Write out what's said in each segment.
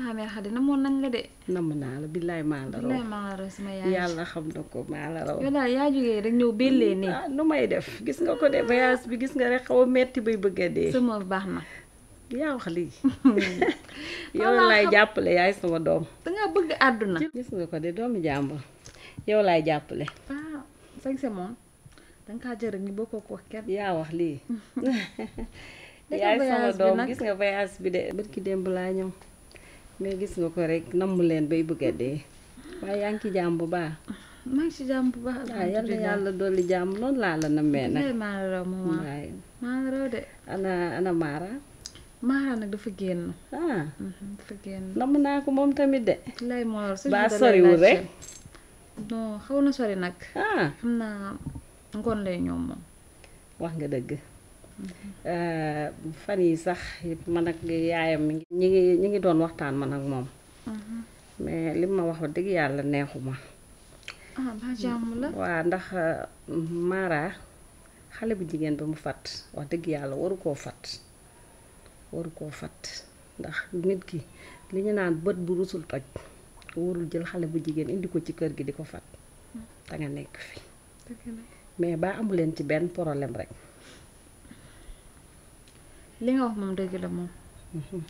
amee xadi namoon nañ la de nam naa la billaay maa la billaay maa la sama yaay yàlla xam na ko maa la raw yow ya yaa jógee rek ñëw bellee nii ah, nu may def gis nga ko de ah. voyage bi gis nga rek xaw a metti bay bëgg a dee sama baax na yaa wax lii yow laay jàppale yaay sama doom danga bëgg àdduna gis nga ko de doomu jàmbur yow laay jàppale ah sañ sa moom danga kaa jërë ñu bokkoo ko kenn yaa wax lii yaay sama doom gis nga voyage bi de barki démb laa ñëw mais gis nga ko rek namm leen bay bëgg a dee waaye yaa ngi ci bu baax. maa ngi ci jàmm bu baax. waaw jàmm noonu la nammee nag. maa la raw moom dafa génn. ah. Mhm, naa ko moom tamit de. lay moor baa soriwul rek. non xaw na sori nag. ah naa ngoon lay ñoom moom. wax nga dëgg. Euh, fan yi sax man ak yaayam mi ngi ñi ngi doon waxtaan ma nag moom mm-hmm. mais li ma wax dëgg yàlla neexu neexuma ah, waa ndax euh, Mara xale bu jigéen bi mu fat wax dëgg yàlla waru koo fat waru koo fat ndax nit ki li ñu naan bët bu rusul toj warul jël xale bu jigéen indi ko ci kër gi di ko fat mm. da nekk fi mais baa amu leen ci benn problème rek li nga wax moom dëgg la moom. Mhm.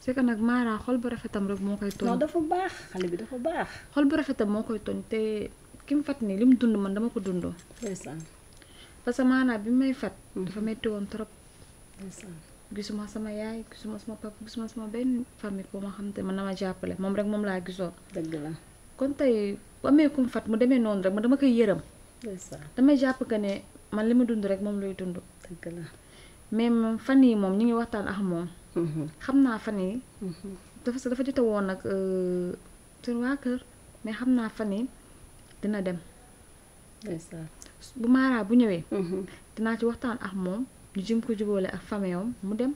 c'est que nag Mara xol bu rafetam rek moo koy. toñ dafa baax xale bi dafa baax. xol bu rafetam moo koy toñ te ki mu fat nii li mu dund man dama ko dundoo. parce que maanaam bi may fat. Mhm. dafa metti woon trop. gisuma sama yaay gisuma sama papa gisuma sama benn ma xam te man na jàppale moom rek moom laa gisoon. dëgg kon tey bu fat mu demee noonu rek ma dama koy yërëm. damay jàpp que ne man li ma dund rek moom lay dund. dëgg mais fan yii moom ñu ngi waxtaan ak moom. Mm-hmm. xam naa fan yii. Mm-hmm. dafa dafa jote woon nag euh, seen waa kër mais xam naa fan yii dina dem. bu maaraa bu ñëwee. Mm-hmm. dinaa ci waxtaan ak moom ñu jëm ko jubóole ak fameyam mu dem.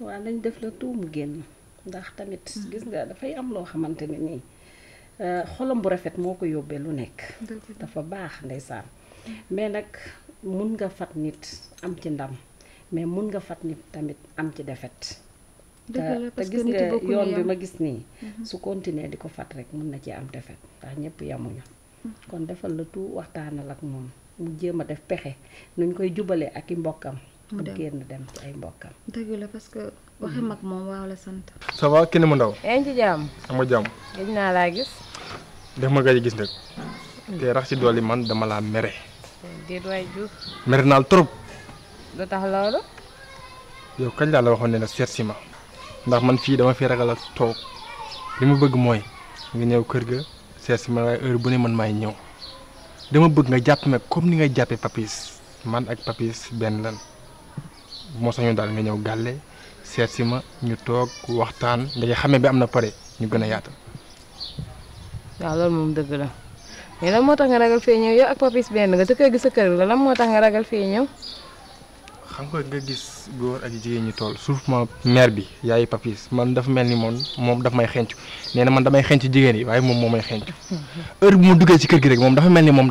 waaw nañ def la tout mu génn ndax tamit. gis nga dafay am loo xamante ne nii euh, xolom bu rafet moo ko yóbbee lu nekk. dafa baax saan mais nag mun nga fat nit am ci ndam. mais mun nga fat ni tamit am ci défaite te te gis nga yoon bi ma gis nii mhm. su continuer di ko fat rek mun na ci am défaite ndax ñëpp yamuñu mhm. kon defal la tout waxtaanal ak moom mu jéem a def pexe nuñ koy jubalee ak i mbokkam mu génn dem ci ay mbokkam dëgg la parce que waxe mhm. mag moom waaw la sant ça va kenn mu ndaw yaa ngi ci jàmm am nga jàmm gëj naa laa gis def ma gëj gis nag te ah. rax ci dolli man dama laa mere déet waay Diouf mere trop lu tax loolu yow kañ laa la waxoon ne la ma ndax man fii dama fi ragal a toog li ma bëgg mooy nga ñëw kër ga seet ma waaye heure bu ne man maay ñëw dama bëgg nga jàpp nag comme ni nga jàppee papis man ak papis benn lan moo sañu daal nga ñëw gàlle seet si ma ñu toog waxtaan nga xamee bi am na pare ñu gën a yaatal ya, waaw loolu moom dëgg la mais lan moo nga ragal fee ñëw yow ak papis benn nga te kër gi sa kër la lan moo nga ragal fee ñëw xam nga nga gis góor ak jigéen ñu toll suuf ma mer bi yaay papis man daf mel ni moom moom daf may xencu nee na man damay xencu jigéen yi waaye moom moo may xencu heure bu mu duggee ci kër gi rek moom dafa mel ni moom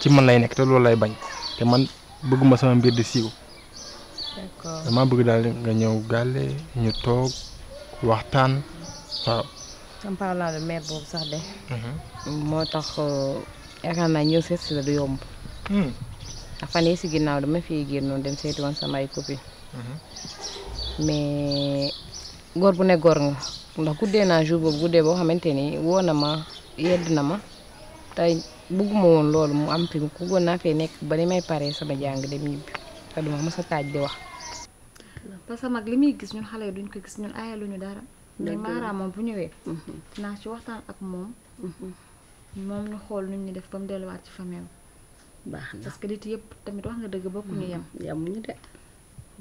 ci man lay nekk te loolu lay bañ te man bëgguma sama mbir di siiw dama bëgg daal nga ñëw gàlle ñu toog waxtaan waaw en parlant de mer boobu sax de mhm. moo tax euh, yaakaar naa ñëw seet la du yomb hmm. ndax fan yii si ginnaaw dama fee génnoon dem seeti woon samay copine mhm. mais góor bu ne góor nga ndax guddee naa jour boobu guddee boo xamante ni woo na ma yedd na ma tey bëgguma woon loolu mu am fi mu ku goon naa fee nekk ba li may paree sama jàng dem ñibbi te a parce que mag li muy gis ñun xale yi duñ ko gis ñun aayaluñu dara. mais Mara moom bu ñëwee. Mhm. naa ci waxtaan ak moom. Mhm. moom ñu xool nuñ ñu def ba mu delluwaat ci famille baax na parce que nit yëpp tamit wax nga dëgg bokkuñu yem. Mm, yem ñu de.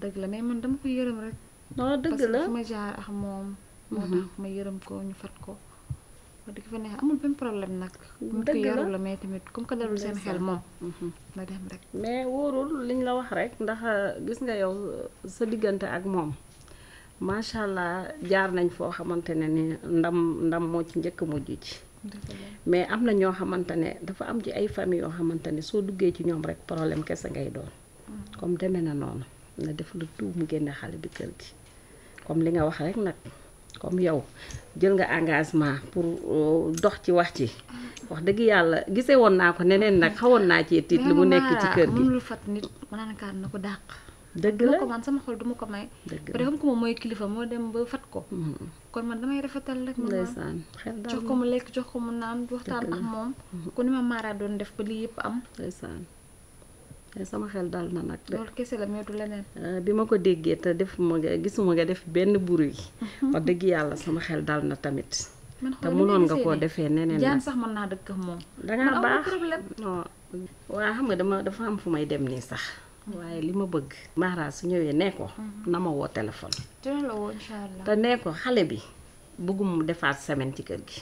dëgg la mais man dama ko yërëm rek. non dëgg la parce moom. moo mm-hmm. tax ma ko ñu fat ko. wax dëgg fa neex amul problème nag. dëgg la la mais tamit comme que dalul seen xel moom. Mm-hmm. na dem rek. mais wóorul liñ la wax rek ndax euh, gis nga yow euh, sa diggante ak moom macha allah jaar nañ foo xamante ne ni ndam ndam moo ci njëkk mujj ci. mais am na ñoo xamante ne dafa am ci ay famille yoo xamante ne soo duggee ci ñoom rek problème kese ngay doon mm. comme deme na noonu na def lu tuub mu génne xale bi kër gi comme li nga wax rek nag comme yow jël nga engagement pour euh, dox ci wax ci wax dëgg yàlla gisee woon naa ko neneen nag xawoon naa ci tiit li mu nekk ci ah, kër gi mënul fat nit na ko dàq dëgg la ko man sama xol duma ko may. dëgg la parce mooy kilifa moo dem ba fat ko. Mm-hmm. kon man damay rafetal rek. ndeysaan xel daal jox ko mu lekk jox ko mu naan waxtaan ak moom. Mm-hmm. ku ni ma Mara doon def ba lii yëpp am. ndeysaan eh, sama xel daal na kese la mais du eh, ma ko déggee te def ma nga def benn bruit. Mm-hmm. wax dëgg yàlla sama xel daal na tamit. man te mënoon nga koo defee neneen jaan sax man naa dëkk ak moom. da ngaa baax waa xam nga dama dafa am fu may dem nii sax. waaye li ma bëgg. Mara su ñëwee nee ko. Mhm. na ma woo téléphone. te nee ko xale bi bëggum mu defaat semaine ci kër gi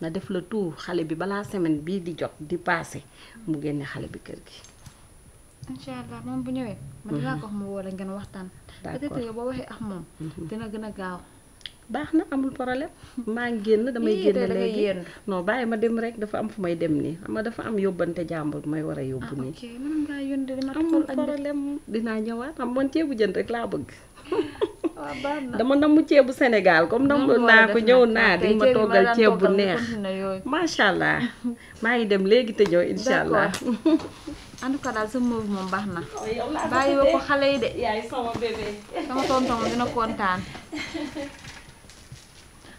na def la tout xale bi balaa semaine bii di jot di paase mu génne xale bi kër gi. incha allah moom bu ñëwee. man dinaa mhm. ko wax woo la ngeen waxtaan. d'accord peut-être waxee ak moom. Mhm. dina gën a gaaw. baax na amul problème maa ngi génn damay génn léegi noo bàyyi ma dem rek dafa am fu may dem nii xam dafa am yóbbante jàmbur may war a ah, yóbbu nii amul problème dinaa ñëwaat am man ceebu jën rek laa bëgg dama namm ceebu Sénégal comme namm naa ko ñëw ah, naa di ma toggal ceeb bu neex macha allah maa ngi dem léegi te ñëw incha allah en tout daal sa move moom baax na oh, bàyyi ko xale yi de sama tonton dina kontaan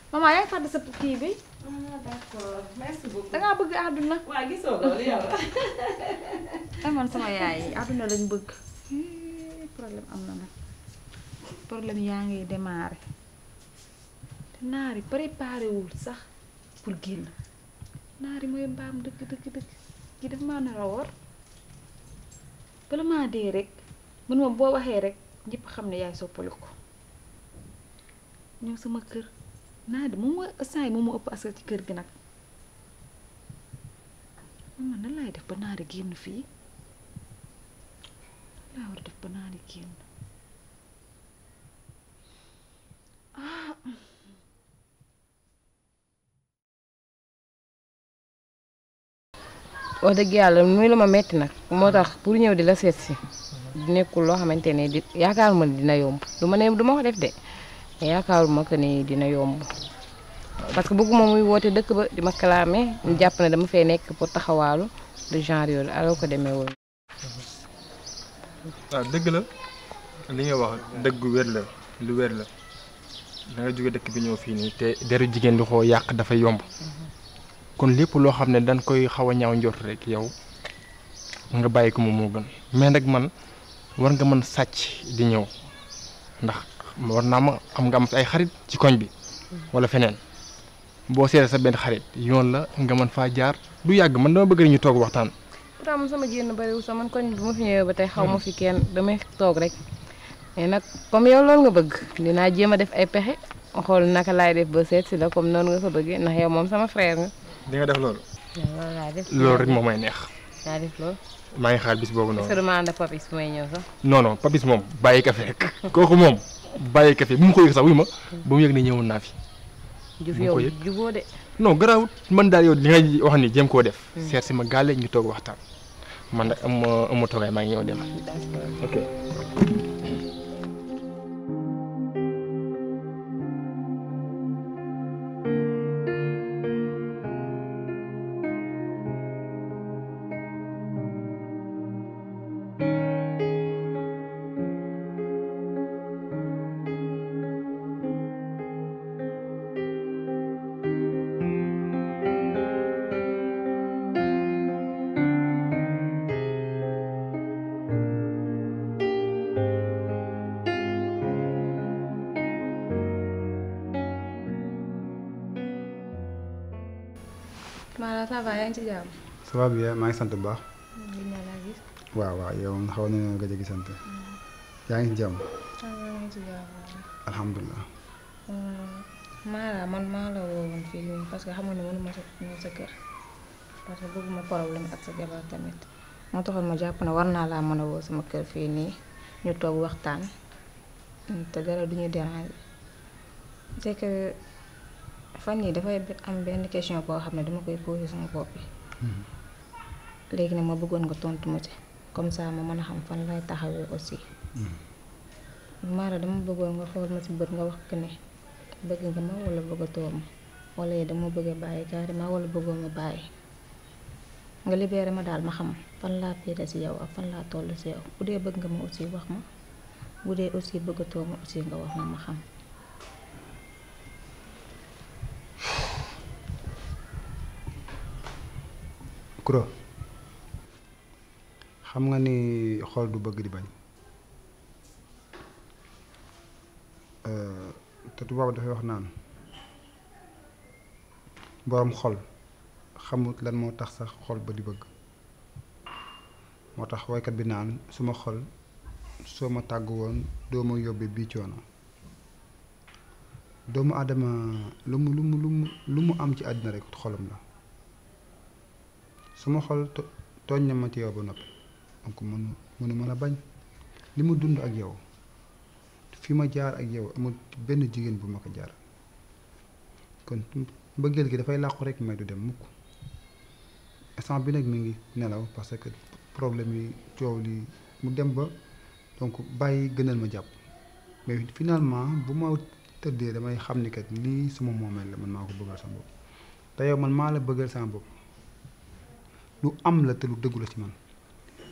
Mama yang pada sepuk kibi. Ah, d'accord. Merci beaucoup. Tengah bëgg aduna. Wa gis so lol yow. Ay man sama yaay aduna lañ bëgg. problème am na nag. Problème yaa ngi démarrer. Nari, naari préparé wul sax pour génn. Naari mooy mbaam dëgg dëgg dëgg. Ki daf maa nar a wor. Bala maa dee rek man moom boo waxee rek yaay sama kër naa de moom mooy saa yi moom moo ëpp askan ci kër gi nag man nan laay def ba naa de génn fii nan laa war a def ba naa de génn ah. wax dëgg yàlla muy lu ma metti nag moo pour ñëw di la seet si nekkul loo xamante ne ma dina yomb du ne du ma ko def de. yaakaaruma que ni dina yomb parce que bëgguma muy woote dëkk ba di ma clamé ñu jàpp ne dama fay nekk pour taxawaalu de genre yooyu alors demee woon. Ah, dëgg la li nga wax wér la lu wer la da jóge dëkk bi ñëw fii nii te deru jigéen di xoo yàq dafa yomb kon lépp loo xam ne dañ koy xaw a ñaaw njort rek yow nga bàyyi ko moom moo gën mais nag man war nga mën sàcc di ñëw ndax. war ma am nga am ay xarit ci koñ bi wala fenen. boo seetee sa benn xarit yoon la nga mën faa jaar du yàgg man dama bëgg ñu toog waxtaan. sama génn bariwul sax man koñ bi ma fi ñëwee ba tey xaw ma fi kenn damay toog rek mais nag comme yow loolu nga bëgg dinaa jéem def ay pexe xool naka laay def ba seet si la comme noonu nga ko bëggee ndax yow moom sama frère nga. di nga def rek neex. def xaar bis papis ñëw sax. non non papis kafe rek kooku bàyyee café bu mu ko yëg sax wuy ma ba mu yëg ne ñëwoon naa fi. jëf yow non garaawut man daal yow li wax ni un ko def. Hmm. seet ci ma galé ñu tok waxtaan man am ma am ma ngi ok. va bien maa ngi sant bu baax. waaw waaw yow xaw na nga jëgi sant. yaa ngi ci jàmm. alhamdulilah. Mara man maa la woowoon fii nii parce que xam ne mënuma sa ñëw sa kër parce que bëgguma problème ak sa jabar tamit moo taxoon ma jàpp ne war naa laa mën a woo sama kër fii nii ñu toog waxtaan te dara du ñu déranger c'est que fan yii dafay am benn question boo xam ne dama koy posé sama bopp hmm léegi nag ma bëggoon nga tontu ma ci comme ça ma mën a xam fan lay taxawee aussi. Mara dama bëggoon nga xool ma si bët nga wax que ne bëgg nga ma wala bëgg ma wala yow dama bëgg a bàyyi carrément wala bëggoo ma bàyyi nga libéré ma daal ma xam fan laa féete si yow ak fan laa toll si yow bu dee bëgg nga ma aussi wax ma bu dee aussi bëgg ma aussi nga wax ma ma xam. Kuro xam nga ni xol du bëgg di bañ euh, te tubaab dafay wax naan borom xol xamut lan moo tax sax xol ba di bëgg moo tax waykat bi naan suma xol soo ma tàgg woon doo ma yóbbee bii coono doomu aadama lu mu lu mu lu mu lu mu am ci àddina rek xolam la suma xol tooñ na ma ci yow ba noppi donc mënu mënu mën a bañ li mu dund ak yow fi ma jaar ak yow amul benn jigéen bu ma ko jaar kon mbëggeel gi dafay làqu rek may du dem mukk instant bi nag mi ngi nelaw parce que problème yi coow li mu dem ba donc bàyyi gënal ma jàpp mais finalement bu ma tëddee damay xam ni kat lii sama moomeel la man maa ko bëggal sama bopp te yow man maa la bëggal sama bopp lu am la te lu dëggu la ci man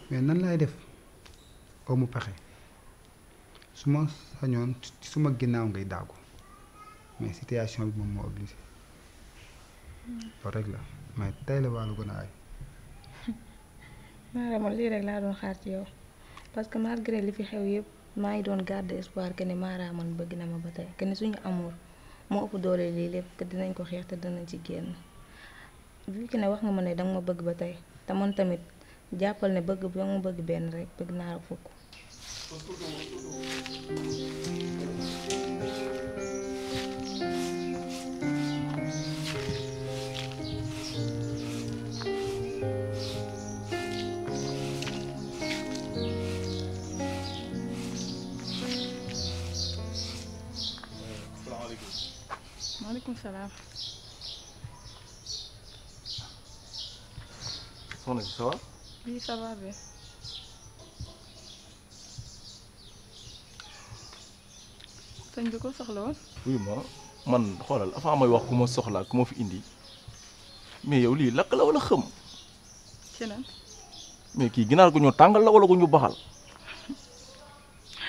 mais nan laay def aw mu paxe su ma sañoon ci suma ginnaaw ngay daagu mais situation bi moom moo obligé rek la mais tey la waa lu gën a aay. lii rek laa doon xaar ci yow parce que malgré li fi xew yëpp maa ngi doon garder espoir que ne maa bëgg na ma ba tey que suñu amour moo ëpp doole lii lépp que dinañ ko xeex te danañ ci génn vu que ne wax nga ma ne danga ma bëgg ba tey te man tamit. jappal ne bëgg bu mu bëgg ben rek bëgg naa fukk Assalamualaikum. Waalaikumsalam. soxna si ça va. Oui, ça va bien. sëñ bi ko soxla woon. oui ma man xoolal avant may wax ku soxlaa ku ma fi indi mais yow lii lakk la walla xëm. mais kii ginaar gu ñu tàngal la wala gu ñu baxal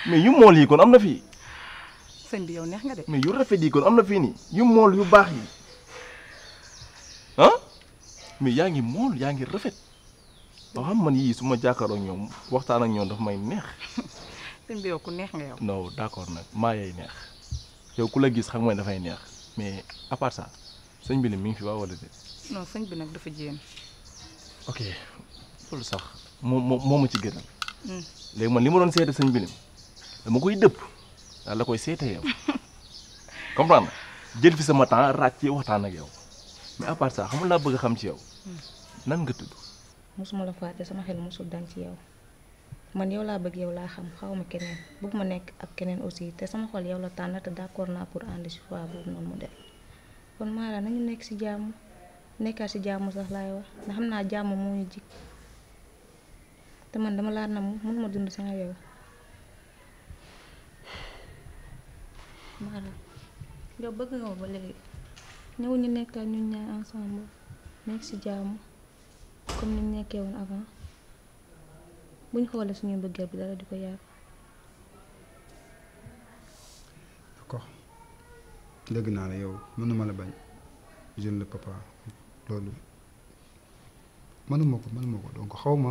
mais yu mool yi kon am na fii. sëñ bi yow neex nga de. mais yu rafet yi kon am na fii nii yu mool yu baax yi ah mais yaa ngi mool yaa ngi rafet. waaw man yii su ma jàkkaaroo ñoom waxtaan ak ñoom dafa may neex. sëñ bi yow ku neex nga yow. non d'accord nag maa yay neex yow ku la gis xam nga dafay neex mais à part ça sëñ bi mi ngi fi waa wala déet. non sëñ bi nag dafa jéem. ok loolu sax moo moo ma ci gënal. Hmm. léegi man li ma doon seete sëñ bi dama koy dëpp la koy seete yow comprendre jël fi sama temps ràcc waxtaan ak yow mais à part ça xamul laa bëgg xam ci yow hmm. nan nga tudd. musuma la faté sama xel musul dan ci yow man yow ya la bëgg yow ya la xam xawma keneen bëgguma nekk ak keneen aussi te sama xol yow la tànn te d'accord naa pour ànd ci foi boobu noonu mu def kon Mara nañu nekk ci jàmm nekkaat ci jàmm sax laay wax ndax xam naa jàmm moo ñu jig te man dama laa nam mënuma dund sama yow Mara yow bëgg nga ba léegi ñëw ñu nekkaat ñun ñaar ensemble nekk ci jàmm comme ni ñu nekkee woon avant buñ xoolee suñu bëggeel bi dara di ko yàq. d'accord dégg naa la yow mënuma la bañ jeune le papa loolu mënuma ko mënuma ko donc xaw ma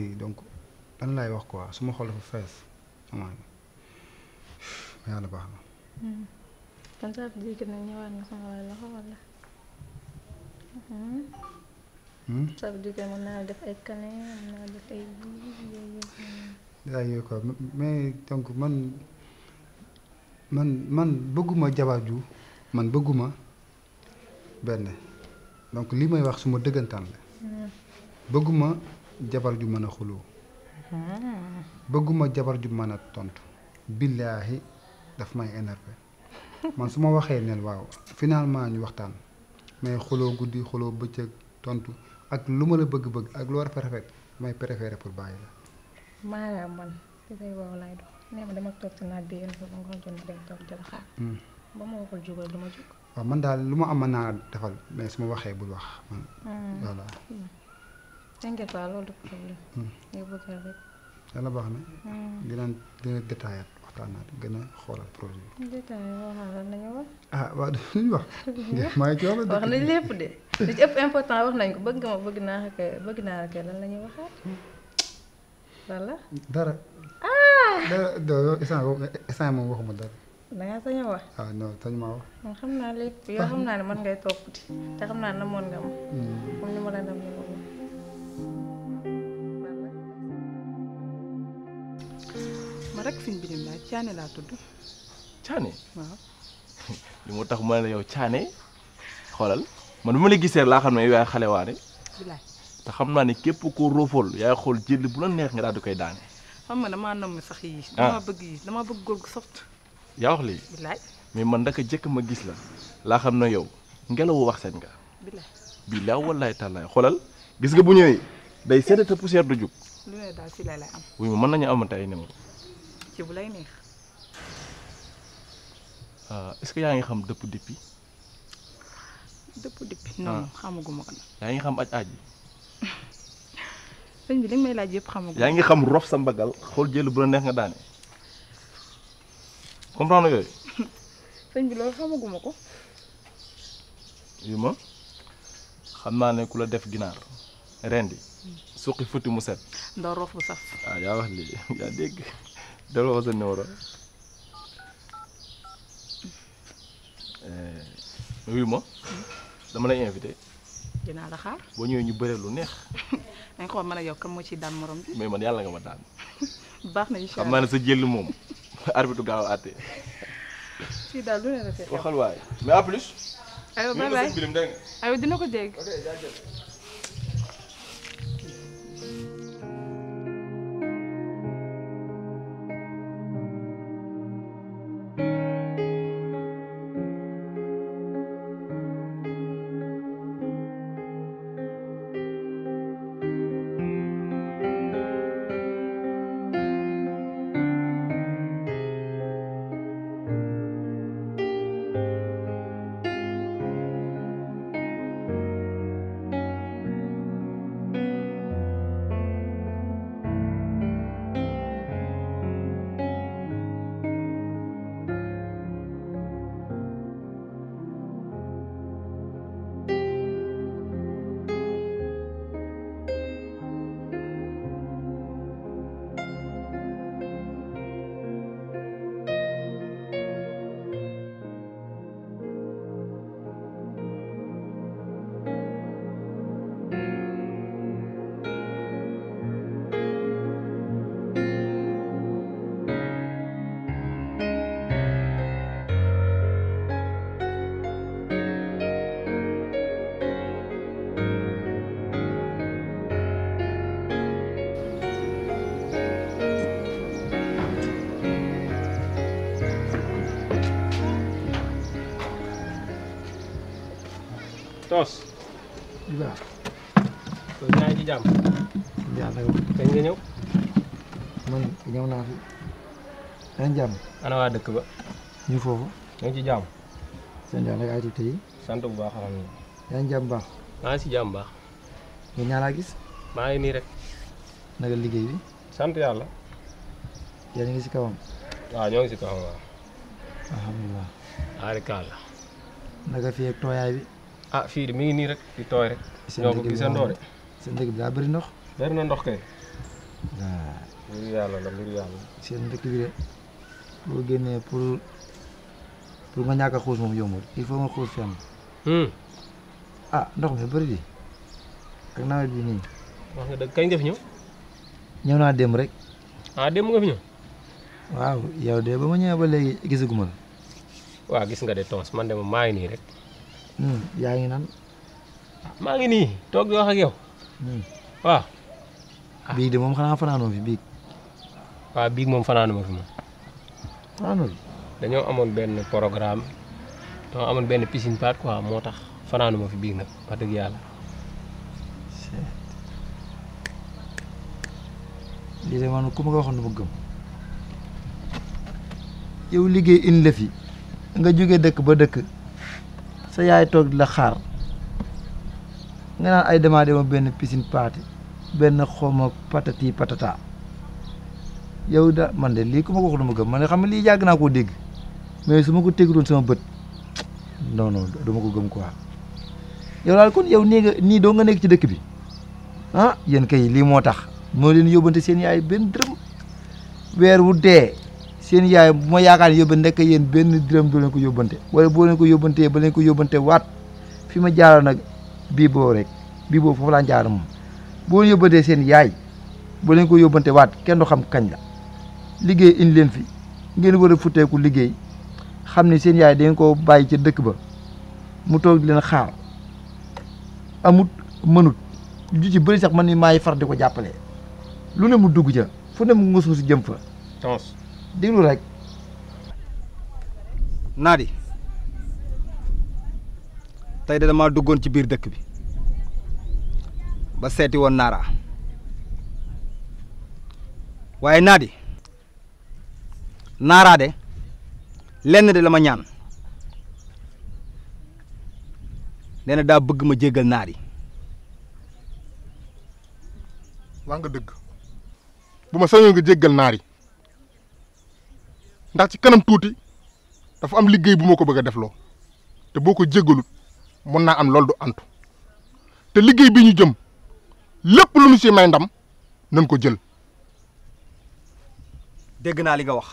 yi donc lan laay wax quoi su ma xol dafa fees amaa yàlla baax na. Hmm. soo ko jógee mën naa def ay câlin mën naa def ay yooyu quoi mais donc man man man bëgguma jabar ju man bëgguma benn donc li may wax suma dëggantaan la hmm. bëgguma jabar ju mën a xuloo hmm. bëgguma jabar ju mën a tontu billaahi daf may énervé man su ma waxee neen waaw finalement ñu waxtaan mais xuloo guddi xuloo bëccëg tontu ak lu ma la bëgg-bëgg ak loo war a rafet may préféré pour bàyyi la. man ci ma hmm. man daal lu ma am mën naa defal mais su ma waxee bul wax man. Hmm. voilà. t'inquiète hmm. pas loolu du problème. baax na. dina détaillé. waxtaanaat gën a xoolaat projet bi. ah waaw dañuy wax. maa ci wax wax nañ lépp de li ci ëpp important wax nañ ko bëgg nga bëgg naa ko bëgg naa lan dara. ah dara doo instant boobu instant moom waxuma dara. da ngaa wax. ah non sañ maa wax. man xam naa lépp yoo xam naa man ngay topp te xam naa nga ni la rek sëñ laa tudd. Thiané li moo tax ma ne la yow caane xoolal man bu ma la gisee laa xam ne yow yaay xale waane. te xam naa ne képp koo roofol yaay xool jël bu la neex nga daal di koy daane. xam nga damaa namm sax yi ah. damaa bëgg yi damaa bëgg góor gu soft. yaa wax lii. mais man naka jëkk ma gis la laa xam ne yow ngelawu wax seen nga. bilaay bilaay wallaay tallaay xoolal gis nga bu ñëwee day sedd te poussière du jug. lu ne wuy ma mën nañu amante ay numéro. ci bu lay neex euh est ce que yaa xam dëpp dippi dëpp dippi non ah. xamaguma ko yaa ngi xam aj aj sëñ bi li may laaj yëpp xamaguma yaa xam rof sa mbagal xool jël bu la neex nga daane comprendre yooyu sëñ bi loolu xamaguma ko yi ma ne ku def ginar rendi hmm. suqi futi mu rof bu saf ah yaa wax that wasn't Nora. wuyu ma dama lay invité. dinaa la xaar. boo ñëwee ñu bëree lu neex. dañ xool man a yow moo ciy daan morom bi. mais man yàlla nga ma daan. baax na incha allah xam naa ne gaaw àtte. fii daal lu ne la waxal waay mais à plus. aywa bye bye dégg dina ko dégg. waaw. kon yaa ngi ci jàmm. jàmm rek kañ nga ñëw. ñëw naa fi. yaa ngi jàmm. ana waa dëkk ba. ñu foofu. yaa ci jàmm. seen daal nag ay tuuti yi. sant bu baax a yaa ngi jàmm baax. maa ngi si jàmm baax. nga ñaanaa gis. maa ngi nii rek. naka liggéey bi. sant yàlla. yéen ngi si kawam. waaw ñoo ngi si kawam waaw. alhamdulilah. aarikaala. naka fii ak tooyaay bi. ah fii de mi ngi nii rek di tooy rek. ñoo ko gisandoo de seen dëkk bi daa bëri ndox. bëri na ndox kay. waaw. Ah. mbir yàlla la mbir yàlla. seen dëkk bi de boo génnee pour pour nga ñàkk a xuus moom yombul il faut nga xuus fenn. Hmm. ah ndox mi bëri di ak nawet bi nii. wax nga dëgg kañ nga fi ñëw. ñëw naa dem rek. ah dem nga fi ñëw. waaw yow de ba ma ñëwee ba léegi gisaguma la. waaw gis nga de tons man de ma maa ngi nii rek yaa ngi nan maa ngi nii toog di wax ak yow waaw biig de mom xanaa fanaanoo fi biig waaw biig moom fanaanuma fi moom fanaanoo fi dañoo amoon benn programme dañoo amoon benn piscine part quoi moo tax fanaanuma fi biig nag wax dëgg yàlla lii de man ku ma ko waxoon yow liggéey in la fi nga jóge dëkk ba dëkk sa yaay toog di la xaar nga naa ay dema dema benn pisin party benn xawma patati patata yow da man de lii ku ma ko wax dama gëm man de xam ne lii yàgg naa koo dégg mais su ma ko tegaloon sama bët non duma ko gëm quoi yow daal kon yow nii nga nii doo nga nekk ci dëkk bi ah yéen kay lii moo tax moo leen yóbbante seen yaay benn dërëm weer wu dee seen yaay bu ma yaakaar ne yóbbante ndekk yéen benn dërëm du leen ko yóbbante wala boo leen ko yóbbantee ba leen ko yóbbante waat fi ma jaaroon nag bii boobu rek bii boobu foofu laa jaar moom boo yóbbantee seen yaay ba leen ko yóbbante waat kenn doo xam kañ la liggéey in leen fi ngeen wara a futteeku liggéey xam ne seen yaay dangeen ko bàyyi ca dëkk ba mu toog leen xaar amut mënut ju ci bëri sax ma ni maay far di ko jàppale lu ne mu dugg ca fu ne mu ngus jëm fa déglu rek naadi tey dala ma duggoon ci biir dëkk bi ba seeti woon naaraa waaye naadi naaraa de lenn de la ma ñaan nee na daa bëgg ma jéggal naar yi wax nga dëgg bu ma sañoon nga jéggal naar yi ndax ci kanam tuuti dafa am liggéey bu ma ko bëgg def loo te boo ko jéggalut mun naa am loolu du antu te liggéey bi ñu jëm lépp lu ñu si may ndam nañ ko jël. dégg naa li nga wax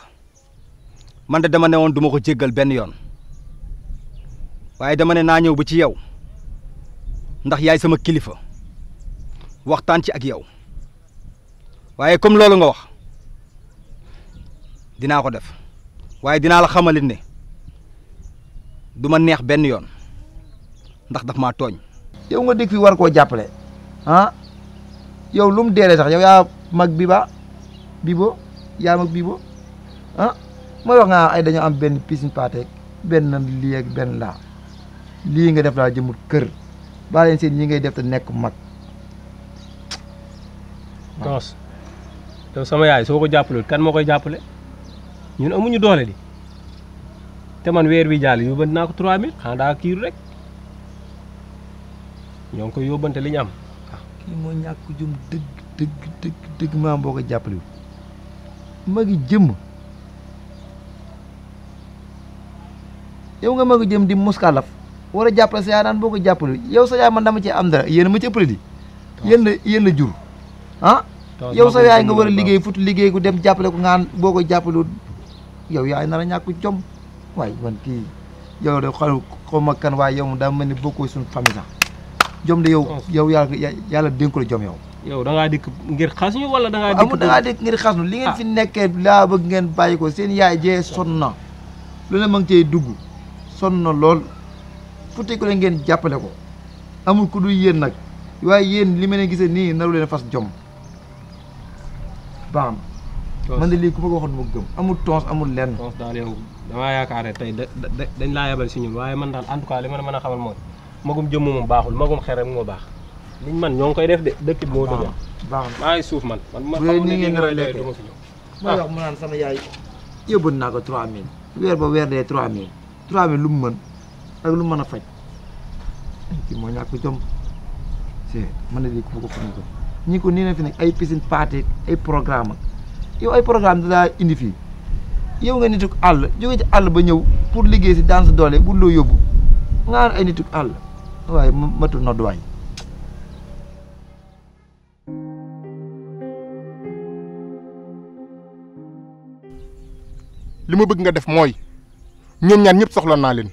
man de dama ne woon duma ko jéggal benn yoon waaye dama ne naa ñëw ba ci yow ndax yaay sama kilifa waxtaan ci ak yow waaye comme loolu nga wax dinaa ko def. waaye dinaa la xamalit ne duma neex benn yoon ndax daf ma tooñ. yow nga dégg fi war koo jàppale ah yow lu mu sax yow yaa mag bi ba bibo yaa mag bibo ah mooy nga ay dañoo am benn piscine paateeg benn lii ak benn laa lii nga def laa jëmul kër baa leen seen yi ngay def te nekk mag. Kos yow sama yaay soo ko jàppalewul kan moo koy jàppale. ñun amuñu doole di te man weer wi jàll yóbbante naa ko 3000 xanaa daa kiiru rek ñoo ngi koy yóbbante li ñu am kii moo ñàkk jëm dëgg dëgg dëgg dëgg boo ko jàppale mag jëmm yow nga magi jëm di muskalaf war a jàppale sa yaay naan boo ko jàppale yow sa yaay man dama ci am dara yéen ma ci ëppale di la yéen la jur ah yow sa yaay nga war a liggéey fut liggéey ku dem jàppale ko ngaan boo ko jàppale yow yaay nar a ñàkk jom waaye man kii yow de xaw xaw ma yow daa mel ni bokkoo suñu famille sax jom de oh. yow yow yàlla yàlla dénku la jom yow. yow da ngaa dikk ngir xas ñu wala da ngaa dikk amul da ngaa dikk ngir xas ñu li ngeen fi nekkee laa bëgg ngeen bàyyi ko seen yaay jee sonn na lu ne ma ngi na lool fu tey ko la ngeen jàppale ko amul ku dul yéen nag waaye yéen li ma leen gisee nii naru leen fas jom man de lii ku ma ko waxoon ma gëm amul tons amul lenn tons daal yow damaa yaakaar ne tey dañ laa yabal si ñun waaye man daal en tout cas man ma la mën a xamal mooy magum jëmm moom baaxul magum xere moo baax man ñoo ngi koy def de dëkk bi moo dëgg baax na maa ngi man man ma xam ni ngeen nar a lekkee ma wax mu naan sama yaay yóbbu naa ko trois mille weer ba weer dee trois mille trois mille lu mu mën ak lu mu mën a faj kii moo man a lii ku ma ko fa ñi ko nii fi nag ay piscine party ay programme yow ay programme da indi fii yow nga nituk àll jóge ci àll ba ñëw pour liggéey si dans doole bu loo yóbbu nga ay nituk àll waaye matul nodd waay li ma bëgg nga def mooy ñoom ñaan ñëpp soxla naa leen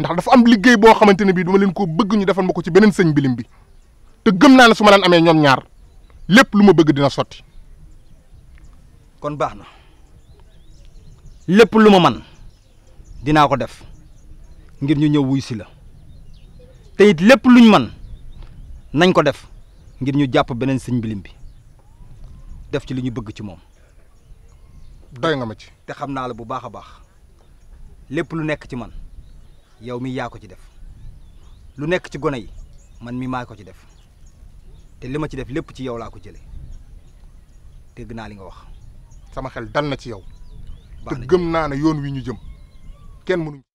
ndax dafa am liggéey boo xamante ne bii duma leen ko bëgg ñu defal ma ko ci beneen sëñ bilim bi te gëm naa ne su ma leen amee ñoom ñaar lépp lu ma bëgg dina sotti kon baax na lépp lu ma man dinaa ko def ngir ñu ñëw wuy si la te it lépp luñ man nañ ko def ngir ñu jàpp beneen sëñ bilim bi def ci li ñu bëgg ci moom doy nga ma ci te xam naa la bu baax a baax lépp lu nekk ci man yow mi yaa ko ci def lu nekk ci gone yi man mi maa ko ci def te li ma ci def lépp ci yow laa ko jële dégg naa li nga wax sama xel dal na ci yow. te gëm naa ne yoon wi ñu jëm kenn mënuñ.